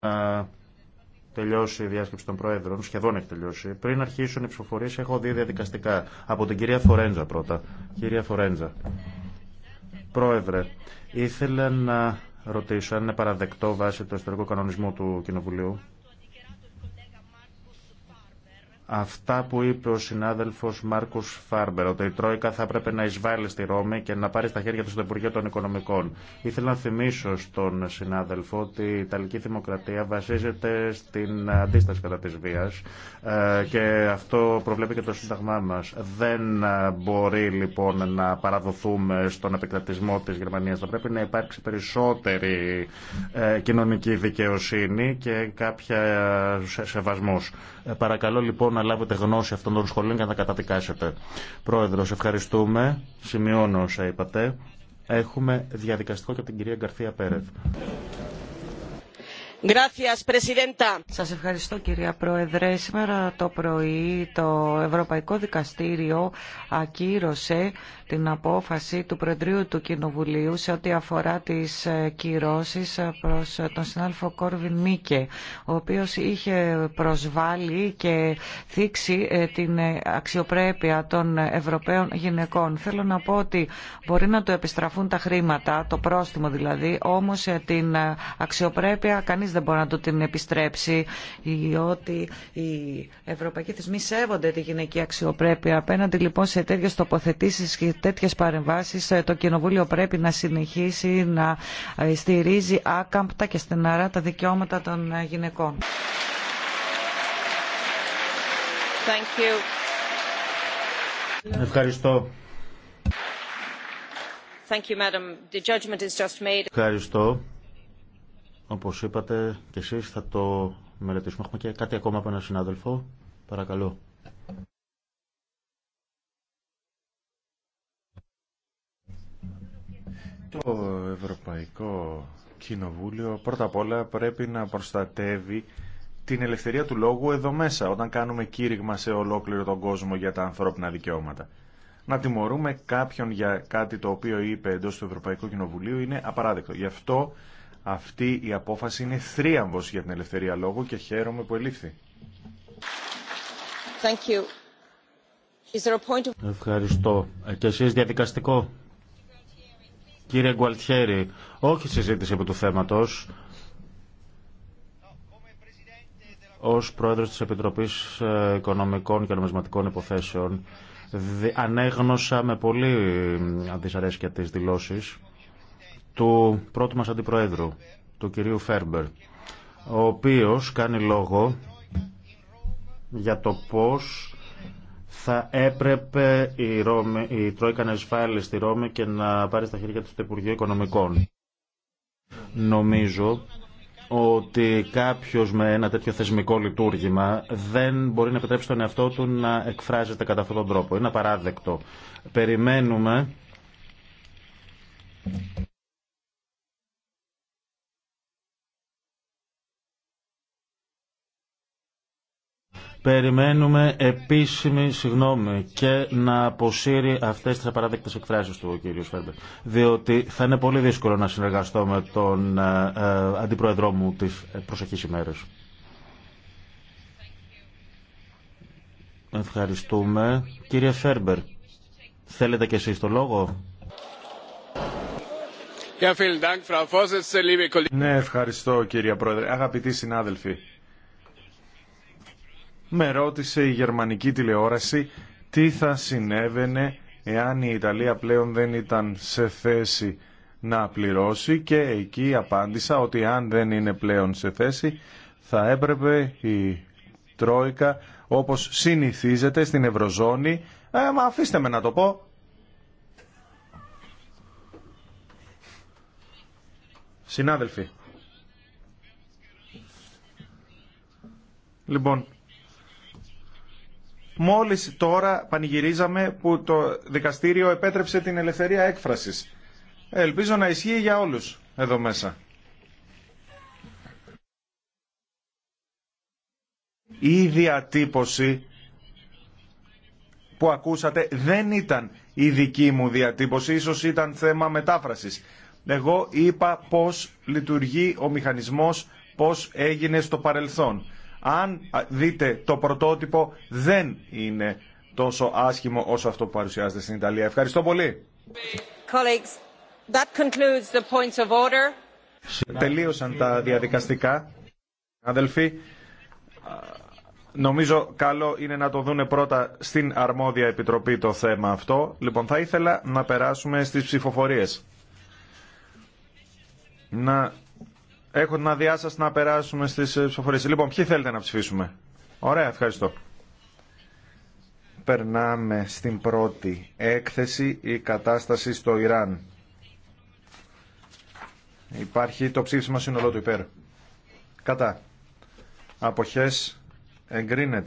να τελειώσει η διάσκεψη των Προέδρων, σχεδόν έχει τελειώσει. Πριν αρχίσουν οι ψηφοφορίε, έχω δει διαδικαστικά. Από την κυρία Φορέντζα πρώτα. Κυρία Φορέντζα, Πρόεδρε, ήθελα να ρωτήσω αν είναι παραδεκτό βάσει του ιστορικού κανονισμού του Κοινοβουλίου αυτά που είπε ο συνάδελφο Μάρκο Φάρμπερ, ότι η Τρόικα θα έπρεπε να εισβάλλει στη Ρώμη και να πάρει στα χέρια του το Υπουργείο των Οικονομικών. Ήθελα να θυμίσω στον συνάδελφο ότι η Ιταλική Δημοκρατία βασίζεται στην αντίσταση κατά τη βία ε, και αυτό προβλέπει και το Σύνταγμά μα. Δεν ε, μπορεί λοιπόν να παραδοθούμε στον επικρατισμό τη Γερμανία. Θα πρέπει να υπάρξει περισσότερη ε, κοινωνική δικαιοσύνη και κάποια σεβασμό. Παρακαλώ λοιπόν να λάβετε γνώση αυτών των σχολείων και να τα καταδικάσετε. Πρόεδρο, ευχαριστούμε. Σημειώνω όσα είπατε. Έχουμε διαδικαστικό και την κυρία Γκαρθία Πέρεθ. Σας ευχαριστώ κυρία Πρόεδρε. Σήμερα το πρωί το Ευρωπαϊκό Δικαστήριο ακύρωσε την απόφαση του Προεδρείου του Κοινοβουλίου σε ό,τι αφορά τι ε, κυρώσει ε, προς ε, τον συνάδελφο Κόρβιν Μίκε, ο οποίος είχε προσβάλει και θίξει την αξιοπρέπεια των Ευρωπαίων γυναικών. Θέλω να πω ότι μπορεί να του επιστραφούν τα χρήματα, το πρόστιμο δηλαδή, όμως την αξιοπρέπεια δεν μπορεί να του την επιστρέψει, ότι οι ευρωπαϊκοί θεσμοί σέβονται τη γυναική αξιοπρέπεια. Απέναντι λοιπόν σε τέτοιες τοποθετήσεις και τέτοιες παρεμβάσεις, ε, το Κοινοβούλιο πρέπει να συνεχίσει να ε, στηρίζει άκαμπτα και στεναρά τα δικαιώματα των ε, γυναικών. Thank you. Ευχαριστώ. Thank you, Madam. The judgment is just made. Ευχαριστώ. Όπως είπατε και εσείς θα το μελετήσουμε. Έχουμε και κάτι ακόμα από έναν συνάδελφο. Παρακαλώ. Το Ευρωπαϊκό Κοινοβούλιο πρώτα απ' όλα πρέπει να προστατεύει την ελευθερία του λόγου εδώ μέσα όταν κάνουμε κήρυγμα σε ολόκληρο τον κόσμο για τα ανθρώπινα δικαιώματα. Να τιμωρούμε κάποιον για κάτι το οποίο είπε εντός του Ευρωπαϊκού Κοινοβουλίου είναι απαράδεκτο. Γι' αυτό αυτή η απόφαση είναι θρίαμβος για την ελευθερία λόγου και χαίρομαι που ελήφθη. Ευχαριστώ. Ε, και εσείς διαδικαστικό. Κύριε Γκουαλτιέρη, όχι συζήτηση από του θέματος. Ως Πρόεδρος της Επιτροπής ε, Οικονομικών και Νομισματικών Υποθέσεων, ανέγνωσα με πολύ αντισαρέσκεια ε, τις δηλώσεις του πρώτου μας αντιπροέδρου, του κυρίου Φέρμπερ, ο οποίος κάνει λόγο για το πώς θα έπρεπε η, Ρώμη, η Τρόικα να εισβάλλει στη Ρώμη και να πάρει στα χέρια του το Υπουργείο Οικονομικών. Νομίζω ότι κάποιος με ένα τέτοιο θεσμικό λειτουργήμα δεν μπορεί να επιτρέψει τον εαυτό του να εκφράζεται κατά αυτόν τον τρόπο. Είναι απαράδεκτο. Περιμένουμε Περιμένουμε επίσημη συγγνώμη και να αποσύρει αυτέ τι απαράδεκτες εκφράσει του ο κ. Φέρμπερ. Διότι θα είναι πολύ δύσκολο να συνεργαστώ με τον ε, ε, αντιπρόεδρό μου τι προσεχή ημέρες. Ευχαριστούμε. Κύριε Φέρμπερ, θέλετε και εσείς το λόγο. Ναι, ευχαριστώ κύριε Πρόεδρε. Αγαπητοί συνάδελφοι, με ρώτησε η γερμανική τηλεόραση τι θα συνέβαινε εάν η Ιταλία πλέον δεν ήταν σε θέση να πληρώσει και εκεί απάντησα ότι αν δεν είναι πλέον σε θέση θα έπρεπε η Τρόικα όπως συνηθίζεται στην Ευρωζώνη ε, μα αφήστε με να το πω Συνάδελφοι Λοιπόν Μόλις τώρα πανηγυρίζαμε που το δικαστήριο επέτρεψε την ελευθερία έκφρασης. Ελπίζω να ισχύει για όλους εδώ μέσα. Η διατύπωση που ακούσατε δεν ήταν η δική μου διατύπωση, ίσως ήταν θέμα μετάφρασης. Εγώ είπα πώς λειτουργεί ο μηχανισμός, πώς έγινε στο παρελθόν. Αν δείτε το πρωτότυπο δεν είναι τόσο άσχημο όσο αυτό που παρουσιάζεται στην Ιταλία. Ευχαριστώ πολύ. Τελείωσαν τα διαδικαστικά. Αδελφοί, νομίζω καλό είναι να το δούνε πρώτα στην αρμόδια επιτροπή το θέμα αυτό. Λοιπόν, θα ήθελα να περάσουμε στις ψηφοφορίες. Να Έχω την αδειά σα να περάσουμε στι ε, ψηφοφορίε. Λοιπόν, ποιοι θέλετε να ψηφίσουμε. Ωραία, ευχαριστώ. Περνάμε στην πρώτη έκθεση, η κατάσταση στο Ιράν. Υπάρχει το ψήφισμα σύνολό του υπέρ. Κατά. Αποχές εγκρίνεται.